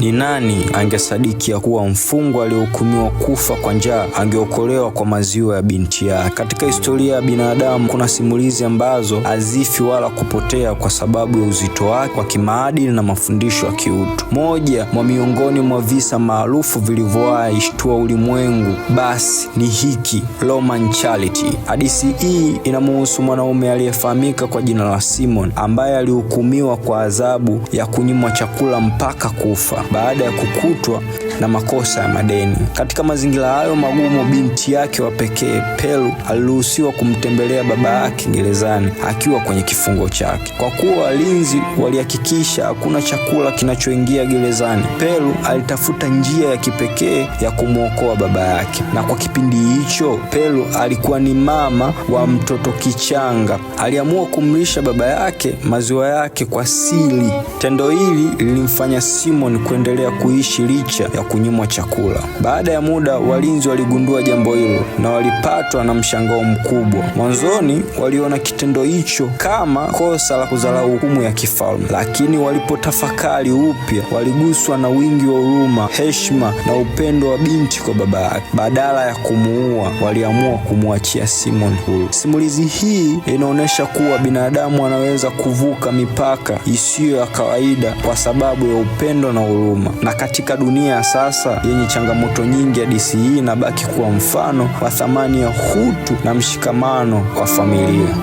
Ni nani angesadiki ya kuwa mfungwa aliyehukumiwa kufa kwa njaa angeokolewa kwa maziwa ya binti yake? Katika historia ya binadamu kuna simulizi ambazo hazifi wala kupotea kwa sababu ya uzito wake wa kimaadili na mafundisho ya kiutu. Moja mwa miongoni mwa visa maarufu vilivyowahi ishtua ulimwengu basi ni hiki Roman Charity. Hadithi hii inamuhusu mwanaume aliyefahamika kwa jina la Simon ambaye alihukumiwa kwa adhabu ya kunyimwa chakula mpaka kufa baada ya kukutwa na makosa ya madeni. Katika mazingira hayo magumu, binti yake wa pekee Pelu aliruhusiwa kumtembelea baba yake gerezani akiwa kwenye kifungo chake. Kwa kuwa walinzi walihakikisha hakuna chakula kinachoingia gerezani, Pelu alitafuta njia ya kipekee ya kumwokoa baba yake, na kwa kipindi hicho Pelu alikuwa ni mama wa mtoto kichanga. Aliamua kumlisha baba yake maziwa yake kwa siri. Tendo hili lilimfanya Simon kuendelea kuishi licha ya kunyimwa chakula. Baada ya muda, walinzi waligundua jambo hilo na walipatwa na mshangao mkubwa. Mwanzoni waliona kitendo hicho kama kosa la kudharau hukumu ya kifalme, lakini walipotafakari upya, waliguswa na wingi wa huruma, heshima na upendo wa binti kwa baba yake. Badala ya kumuua, waliamua kumwachia Simon huru. Simulizi hii inaonyesha kuwa binadamu anaweza kuvuka mipaka isiyo ya kawaida kwa sababu ya upendo na huruma, na katika dunia sasa yenye changamoto nyingi ya DCE inabaki kuwa mfano wa thamani ya utu na mshikamano kwa familia.